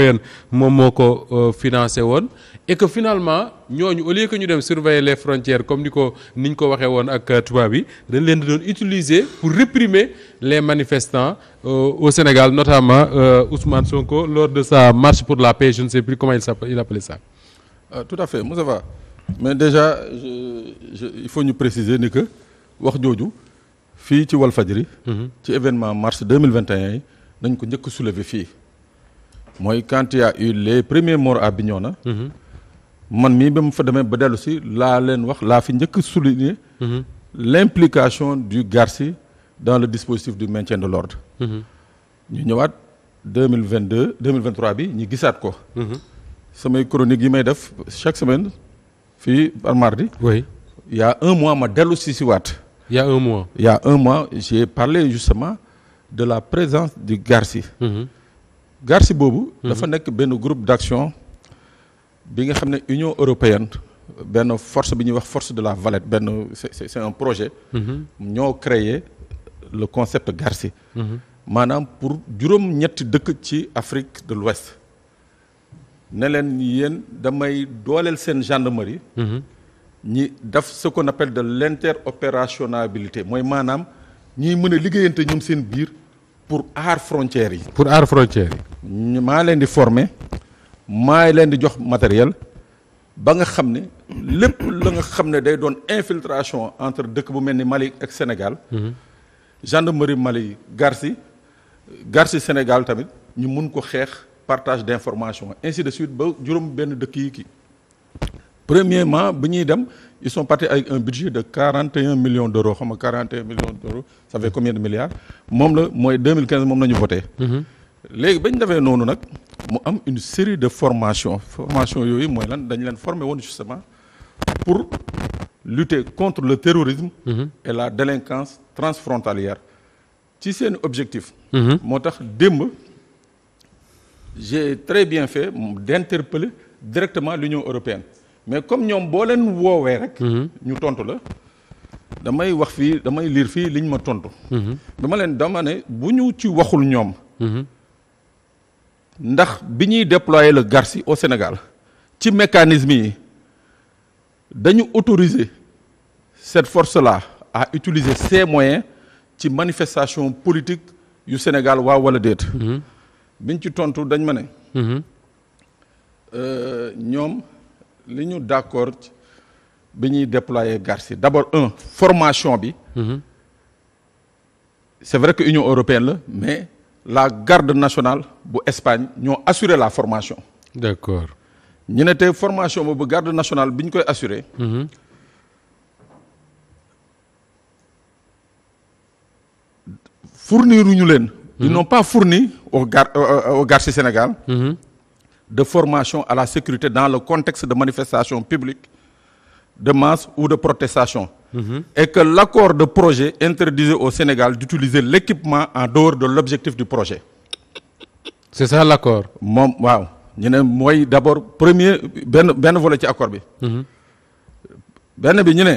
européenne moom moo ko euh, financé woon et que finalement ñooñu au lieu que ñu dem surveiller les frontières comme ni ko ni ñu ko waxee woon ak euh, tubaab yi dañ leen di doon utiliser pour réprimer les manifestants euh, au Sénégal notamment Ousmane Sonko lors de sa marche pour la paix je ne sais plus comment il s'appelle il tout à fait Moussa va mais déjà je, il faut ñu préciser ni que wax jooju fii ci Walfadjri mhm. ci événement mars 2021 yi dañ ko njëkk soulever fii mooy quand il y a eu les premiers morts mhm. man mii ba mu fa demee ba dellu laa leen wax laa fi njëkk souligner mhm. l'implication du Garci dans le dispositif du maintien de l'ordre mhm. ñu ñëwaat deux mille vingt deux deux mille vingt bi ñu gisaat ko samay chronique yi may def chaque semaine fii par mardi un mois ma dellusi si si waat il un mois il y a un mois j'ai parlé justement de la présence du Garci GARSI boobu. Mhm. dafa nekk benn groupe d'action bi nga xam ne Union européenne benn force bi ñuy wax force de la Valette benn c'est un projet. Mhm. ñoo créé le concept GARSI. Mhm. maanaam pour juróom-ñetti dëkk ci Afrique de l'Ouest ne leen yéen damay dooleel seen gendarmerie. ñi def ce qu'on appelle de l'interopérationnalité mooy maanaam ñiy mën a liggéeyante ñoom seen biir. pour aar frontières yi. pour aar frontières yi. maa leen di former maa leen di jox matériel ba nga xam ne lépp la nga xam ne day doon infiltration entre dëkk bu mel ni Mali ak Sénégal. Mhm. gendarmerie Mali garsi garsi Sénégal tamit ñu mun ko xeex partage d'information ainsi de suite ba juróom benn dëkk yi kii. premièrement bi ñuy dem. ils sont partis avec un budget de 41 millions d'euros xam nga 41 millions d'euros ça fait combien de milliards moom la mooy 2015 moom la ñu voté. Mm-hmm. léegi ba ñu defee noonu nag mu am une série de formations formation yooyu mooy lan dañu leen former woon justement pour lutter contre le terrorisme mm-hmm. et la délinquance transfrontalière ci seen objectif mm-hmm. moo tax démb j'ai très bien fait d'interpeller directement l'Union européenne mais comme ñoom boo leen woowee rek. Mhm. ñu tontu la damay wax fii damay liir fii liñ ma tontu. Mhm. dama leen dama ne bu ñu ci waxul ñoom. Mhm. ndax bi ñuy déployer la GARSI au Sénégal ci mécanisme yi dañu autoriser cette force la à utiliser ces moyens ci manifestation politique yu Sénégal waa wala déet. biñ ci tontu dañ ma ne. Euh, ñoom. li ñu d'accord bi ñuy déployer Garci d'abord un formation bi mmh. c'est vrai que Union européenne la mais la garde nationale bu Espagne ñoo assuré la formation d'accord ñu ne tey formation bu garde nationale bi ñu koy assuré mmh. fourniruñu leen ils mhm. n'ont pas fourni au gar euh, euh, Sénégal mhm. de formation à la sécurité dans le contexte de manifestations publiques de masse ou de protestation. Mmh. que l'accord de projet interdisait au Sénégal d'utiliser l'équipement en dehors de l'objectif du projet. C'est ça l'accord. moom waaw ñu ne mooy d'abord premier benn benn volet ci accord bi. Mm-hmm. benn bi ñu ne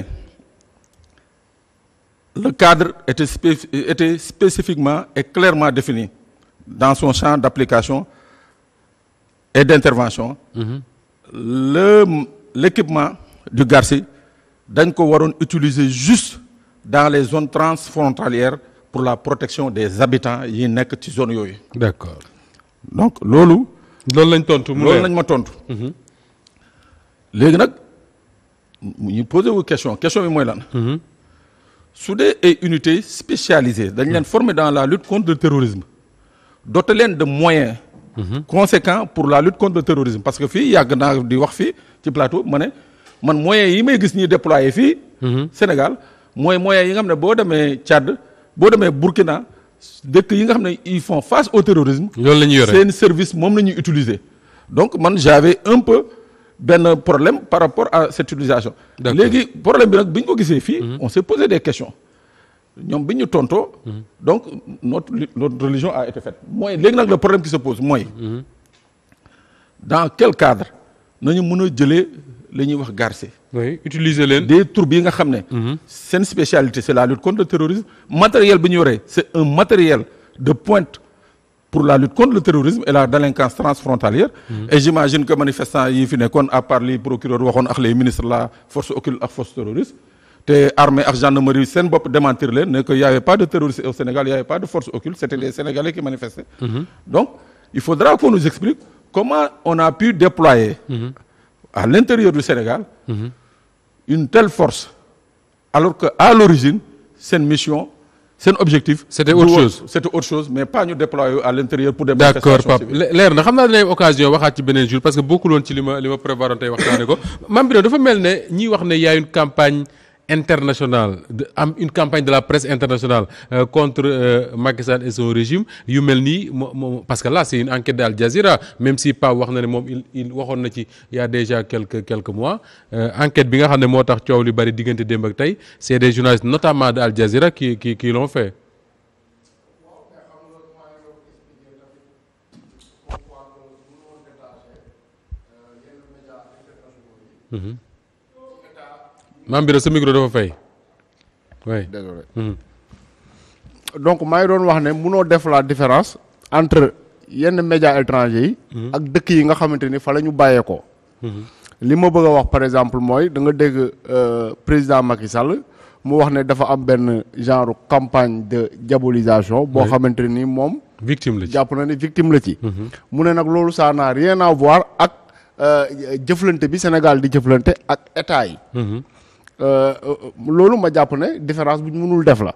le cadre était spécifiquement et clairement défini dans son champ d'application. et d'intervention mmh. le l'équipement du GARSI dañ ko waroon utiliser juste dans les zones transfrontalières pour la protection des habitants yi nekk ci zone yooyu d'accord donc loolu loolu lañ tontu loolu lañ ma tontu mhm. léegi nag ñu posé wu question question bi mooy lan mhm. su dee ay unités spécialisées dañ leen former dans la lutte contre le terrorisme doté leen de moyens conséquent pour la lutte contre le terrorisme parce que fii yàgg naa di wax fii ci plateau ma ne man moyens yi may gis ñuy déployé fii. Mhm. Sénégal mooy moyen yi nga xam ne boo demee Tchad boo demee Burkina dëkk yi nga xam ne il font face au terrorisme. loolu la ñuy yore seen service moom la ñuy utiliser. donc man j'avais un peu benn problème par rapport à cette utilisation. léegi problème bi nag bi ñu ko gisee fii. Mhm. on s'est posé des questions. ñoom bi ñu tontoo donc notre notre religion a été faite mooy léegi nag la problème qui se pose mooy dans quel cadre nañu mën a jëlee li ñuy wax garcé oui utiliser leen de troupes yi nga xam ne seen spécialité c'est la lutte contre le terrorisme matériel bi ñu yoree c'est un matériel de pointe pour la lutte contre le terrorisme et la délinquance transfrontalière et j'imagine que manifestant yi fi nekkoon à part li procureur waxoon ak les ministres la force occulte ak force terroriste te armée ak gendarmerie seen bopp démentir leen ne pas de terroristes au Sénégal y avait pas de force occulte c'était les Sénégalais qui manifestaient mhm. donc il faudra qu'on nous explique comment on a pu déployer mhm. à l'intérieur du Sénégal mhm. une telle force alors que à l'origine seen mission seen objectif. c'était autre chose mais pas ñu déployer à l'intérieur pour des manifestations na xam naa dinañ occasion waxaat ci beneen parce que bokkuloon ci li ma internationale am une campagne de la presse internationale euh, contre euh, Macky Sall et son régime yu mel nii moom parce que là c'est une enquête d'Al Jazeera même si Pape wax na ne moom il il waxoon na ci il y a déjà quelques quelques mois euh, enquête bi nga xam ne moo tax coow li bari diggante démb ak tey c'est des journalistes notamment d'Al Jazeera qui qui qui l'ont maam Biré sa micro dafa fay. Hmm. donc maa ngi doon wax ne munoo def la différence entre yenn médias étrangers yi. Hmm. ak dëkk yi nga xamante ni fa la ñu bàyyeekoo. Hmm. li ma bëgg a wax par exemple mooy da nga dégg euh, président Macky Sall mu wax ne dafa am benn genre campagne de jabolisation boo xamante ni moom. victime la ci jàpp na ne victime la ci. mu ne nag loolu ça n'a rien à voir ak euh, jëflante bi Sénégal di jëflante ak état yi. Euh, euh, loolu ma jàpp ne différence bu ñu mënul def la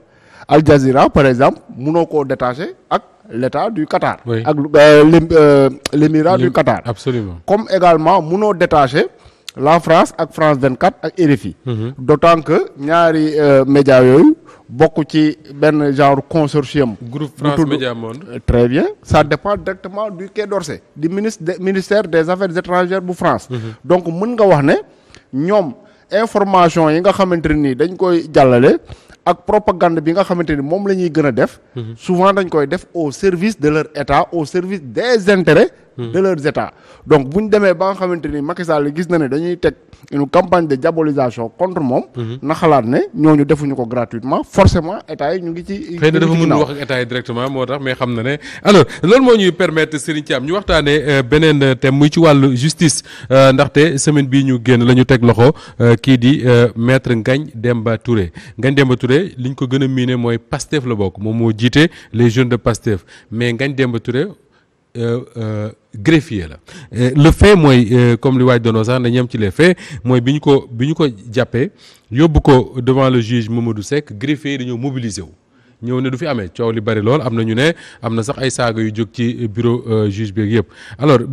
Al Jazeera par exemple munoo koo détaché ak l'état du Qatar. Oui. ak euh, euh, l'émirat du Qatar. absolument comme également munoo détaché la France ak France 24 ak RFI. Mm d'autant que ñaari euh, médias yooyu bokk ci benn genre consortium. groupe France Média Monde. très bien ça dépend directement du Quai d'Orsay. du ministre ministère des affaires étrangères bu France. Mm -hmm. donc mën nga wax ne ñoom. information yi nga xamante nii dañ koy jàllale ak propagande bi nga xamante ni moom la ñuy gën a def mhm. souvent dañ koy def au service de leur état au service des intérêts Hmm. de leurs états donc bu demee ba nga xamante ni Macky Sall gis na ne dañuy teg une campagne de diabolisation contre moom. Hmm. na xalaat ne ñoo ñu defuñu ko gratuitement forcément état yi ñu ngi ci. xëy na dafa wax ak état directement moo tax mais xam na ne alors loolu moo ñuy permettre Serigne am ñu waxtaanee euh, beneen thème muy ci wàllu justice euh, ndaxte semaine bii ñu génn lañu ñu teg loxo euh, kii di maître Ngagne Demba Touré Ngagne Demba Touré liñ ko gën a miine mooy Pastef la bokk moom moo jiite les jeunes de Pastef mais Ngagne Demba Touré. Euh, euh, greffier la euh, le fait mooy comme li waaj doonoo sax na ñem ci les faits mooy bi ñu ko bi ñu ko jàppee yóbbu ko devant le juge Mamadou Seck greffier yi dañoo mobiliser wu ñëw ne du fi amee coow li bari lool am na ñu ne am na sax ay saaga yu jóg ci bureau juge beeg yëpp alors